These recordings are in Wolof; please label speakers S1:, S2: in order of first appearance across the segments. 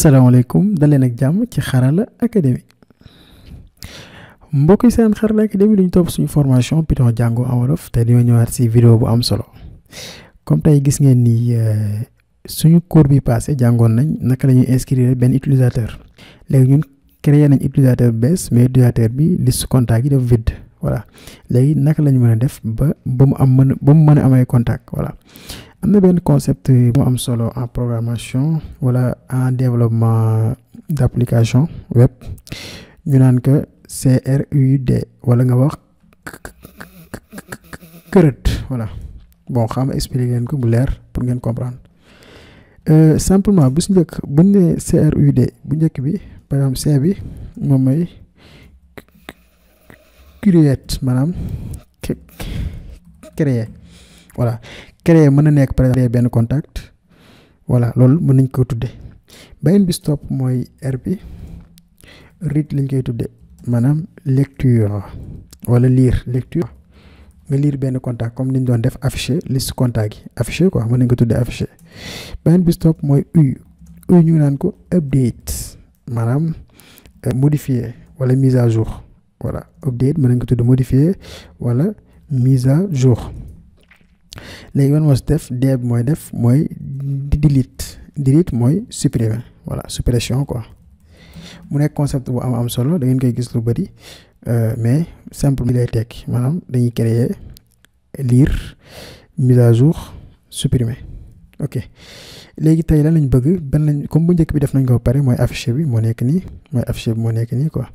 S1: asalaamaaleykum daleen ak jàmm ci xarala académie mbokk yi seen xarala académie dañu topp suñu formation Python jàngoo en wolof te dañoo ñëwaat si vidéo bu am solo comme tey gis ngeen ni euh, suñu cours bi passé jàngoon nañ naka la ñuy inscrire benn utilisateur léegi ñun créer nañ utilisateur bees mais utilisateur bi liste contact yi def vide voilà léegi naka lañu ñu mën a def ba ba mu am mën ba mu mën a amay contact voilà. am na benn concept mu am solo en programmation wala en développement d'application web ñu naan que CRUD wala nga wax CRUD voilà bon xam nga expliqué ko bu leer pour ngeen comprendre euh simplement bu si bu ñu CRUD bu njëkk bi par exemple C bi mom may create manam créer voilà créer mën na nekk par contact voilà lol mën nañ ko tuddé ben bi stop moi R bi read liñ koy tuddé manam lecture wala lire lecture nga lire le contact comme niñ ñu doon def afficher liste contact affiché afficher quoi mën nañ ko tuddee afficher ben bi stop moi u u ñu naan ko update madame euh, modifier wala mise à jour voilà update mën nañ ko modifier wala mise à jour léegi man mos def moy mooy def moy, delete delete supprimer voilà suppression quoi mu nekk concept bu am am solo da ngeen koy gis lu euh, mais simple bi lay lire mise à jour supprimer ok léegi tey lan bëgg comme bu njëkk bi def nañ ko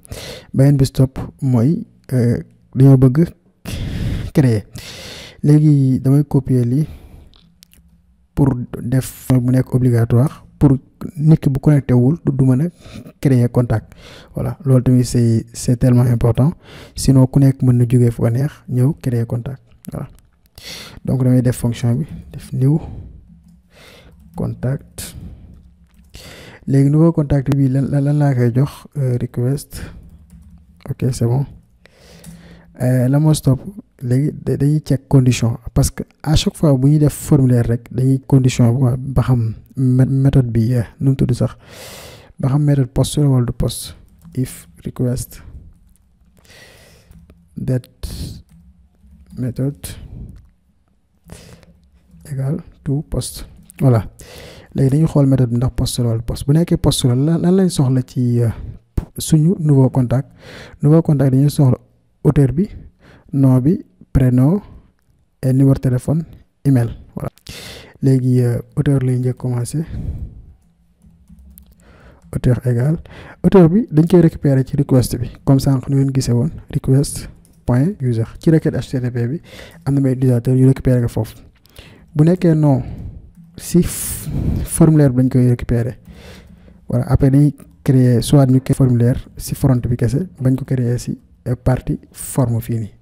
S1: bi stop euh, bëgg créer légui damay copier li pour def mu obligatoires obligatoire pour nit ki bu connecté wul du mën créer contact voilà l'autre tamit c'est c'est tellement important sinon ku nek mën na jógee fu neex créer contact voilà donc damay def fonction bi def new contact légui nouveau contact bi lan lan laa jox euh, request ok c'est bon euh, la mon stop les dañuy condition parce que à chaque fois oui ñuy def formulaire rek dañuy condition euh, ba xam méthode bi nu mu sax méthode post if request that method égal to post voilà léegi dañuy xool méthode ndax post la post bu euh, nouveau contact nouveau contact dañuy non bi prénom et numéro téléphone email voilà léegi euh, auteur lay njëkk commencé auteur égal auteur bi dañ koy récupérer ci request bi comme sànq nu ngeen gisee woon request point user ci requête http bi am na may utilisateur yu récupérer nga foofu bu nekkee non si formulaire bi dañ koy récupérer voilà après dañuy créer soit ñu créer formulaire si front bi kese bañ ko créer si euh, partie forme fii nii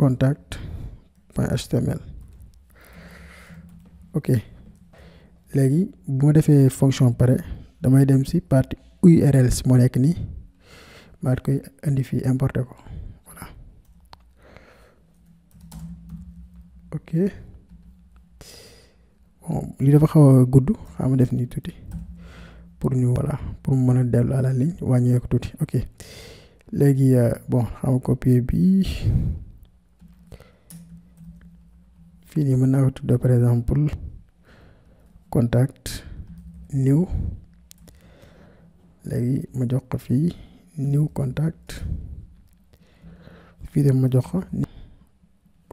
S1: contact.html. ok Les bu ma defee fonction pare damay dem si partie urls c'est mon écrit. maa un défi fii voilà ok bon li dafa goudou a def nii tout. pour nous voilà pour mon mën à la ligne wàññeeku tout ok léegi euh, bon va copier bi fii nii mën naa ko tuddee par exemple contact niw léegi ma jox ko fii niw contact fii dem ma jox ko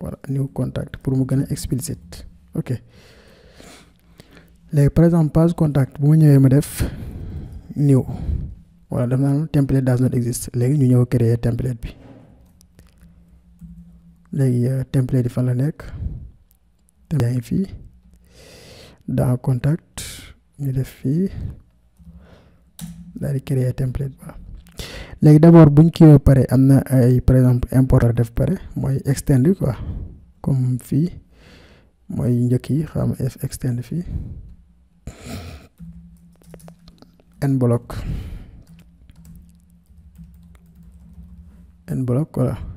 S1: walla new contact pour mu gën a explicite ok léegi par exemple page contact bu ma ñëwee ma def new voilà daf naa template does not exist léegi ñu ñëw créer template bi léegi euh, template yi fan la nekk yaa d'un dans contact ñu def fi daal di créer template ba léegi d'abord buñ kiiwee pare am na ay par exemple importer def pare mooy extend quoi comme fii mooy njëkk yi xam f extend fii n block n block voilà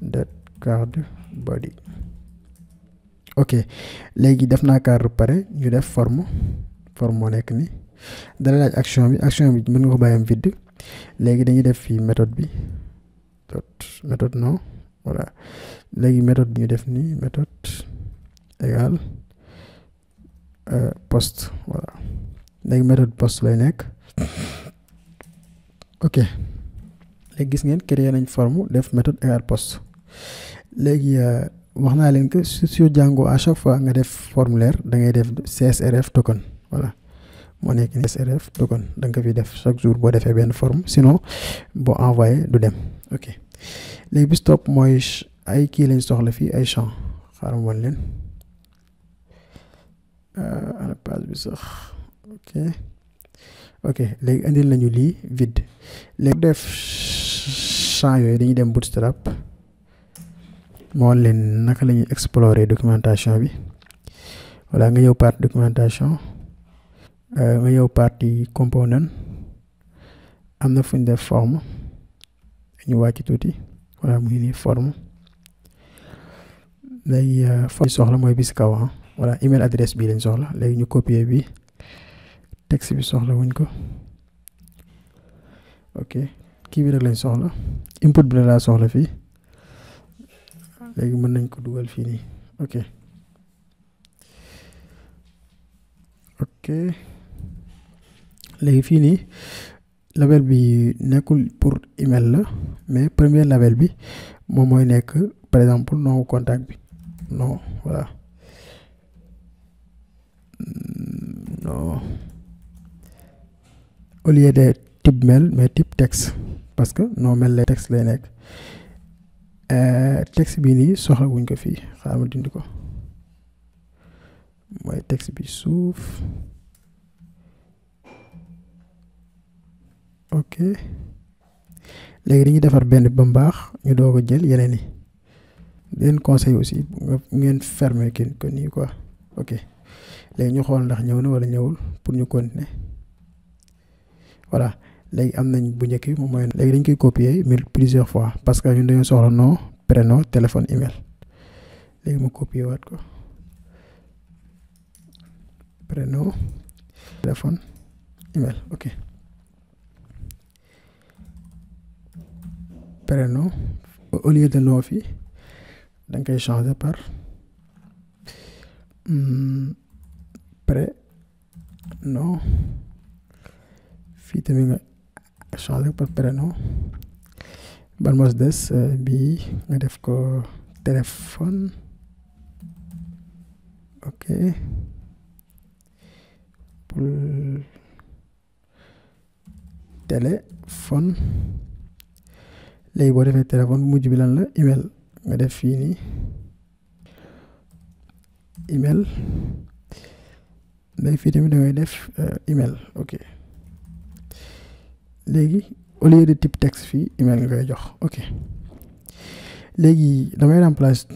S1: that card ok léegi def naa card pare ñu def forme forme moo nekk ni dana laaj action bi action bi mën nga ko bàyyam vide léegi dañuy def fii méthode bi méthode non voilà léegi méthode bi ñu def nii méthode égal euh, post voilà léegi méthode post lay nekk ok léegi gis ngeen créer nañ form def méthode égal post léegi euh, wax naa leen que sur Django à chaque fois nga def formulaire da ngay def CSRF token voilà moo nekk ni CSRF token da ko fi def chaque jour boo defee benn forme sinon boo envoyé du dem ok léegi bis topp mooy ay kii lañ soxla fii ay champs xaaral woon leen ana euh, page bi sax ok léegi indil nañu lii vide léegi def champs yooyu dañuy dem bootstrap moo leen naka la explorer documentation bi voilà nga une euh, partie documentation nga component forme voilà mu forme soxla email adresse bi lañ soxla ñu copier bi texte bi soxla wuñ ko ok bi rek lañ soxla input bi la soxla léegi mën nañ ko dugal fii ok ok les fini nii label bi pour email la mais premier label bi moom mooy nekk par exemple non contact bi non voilà non au lieu de type mail mais type texte parce que non mail les texte lay Euh, texte bi nii soxla wuñ ko fii xaaral ma ko mooy texte bi suuf ok léegi dañuy defar benn ba mu baax ñu doog a jël yeneen yi leen conseil aussi ngeen fermer kenn ko nii quoi ok léegi ñu xool ndax ñëw na walla ñëwul pour ñu continuer voilà les amener nañ bu njëkk bi mooy léegi dañ koy copier mille plusieurs fois parce que ñun dañoo soxla nom prénom téléphone email léegi mon copier wat ko prénom téléphone email ok prénom au lieu de nom fi dañ nga koy changer par hmm, prénom fi tamit changer par prénom ban mos des euh, bii nga def ko téléphone ok pour téléphone léegi boo defee téléphone bu mujj bi lan la email nga def fii nii email léegi fii tamit da def euh, email ok léegi au lieu de type texte fii email nga koy jox ok léegi damay remplace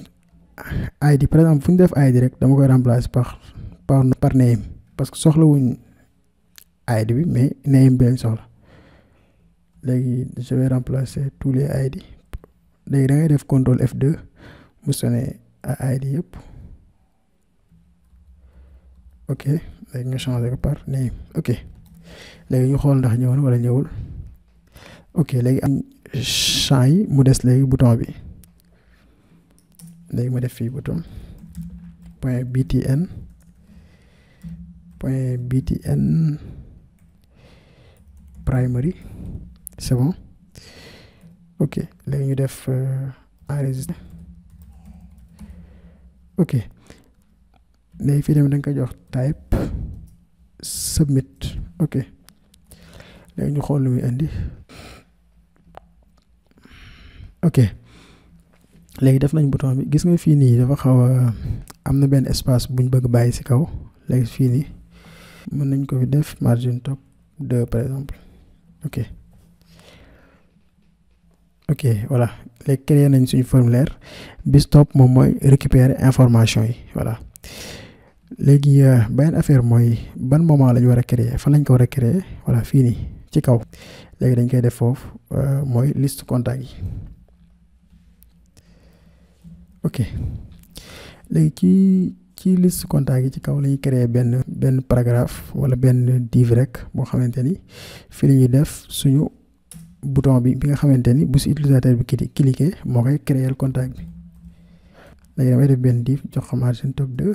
S1: ID par exemple fu ñu def ID rek dama koy remplace par par par name parce que soxlawuñ ID bi mais name bi lañ soxla léegi je vais remplacer tous les ID léegi da ngay def contrôle F2 mu sonné ID yëpp ok léegi nga changé ko par name ok. legi ñu xol ndax ñëw wala ñewul ok legi am champ yi mu dess legi bouton bi legi ma def fi bouton point btn point btn primary c'est bon ok legi ñu def euh, enregistré ok legi fi dem dañ ko jox type submit ok léegi xool lu indi ok léegi def nañ bouton bi gis nga fii nii dafa xaw a am na benn espace buñ bëgg bàyyi si kaw léegi fii nii mën nañ ko fi def margin top 2 par exemple ok ok voilà léegi créé nañ suñu formulaire bis top moom mooy récupérer information yi voilà léegi euh, beneen affaire mooy ban moment la war a créer fan lañ ko war a créer voilà fii nii ci kaw léegi dañ koy def foofu euh, mooy list contact yi ok léegi ci ci list contact yi ci kaw la ñuy créer benn benn paragraphe wala benn div rek boo xamante ni fii la ñuy def suñu bouton bi bi nga xamante ni bu si utilisateur bi kii cliquer moo koy créer contact bi léegi damay def benn div jox margin top 2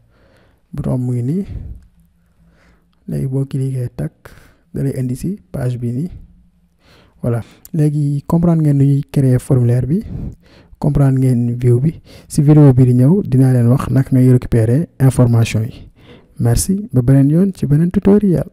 S1: bouton mu ngi nii léegi boo cliquer takk da indi si page bi nii voilà léegi comprendre ngeen nu ñuy créer formulaire bi comprendre ngeen view bi si vidéo bi di ñëw dinaa leen wax naka ngay récupérer information yi merci ba beneen yoon ci beneen tutoriel.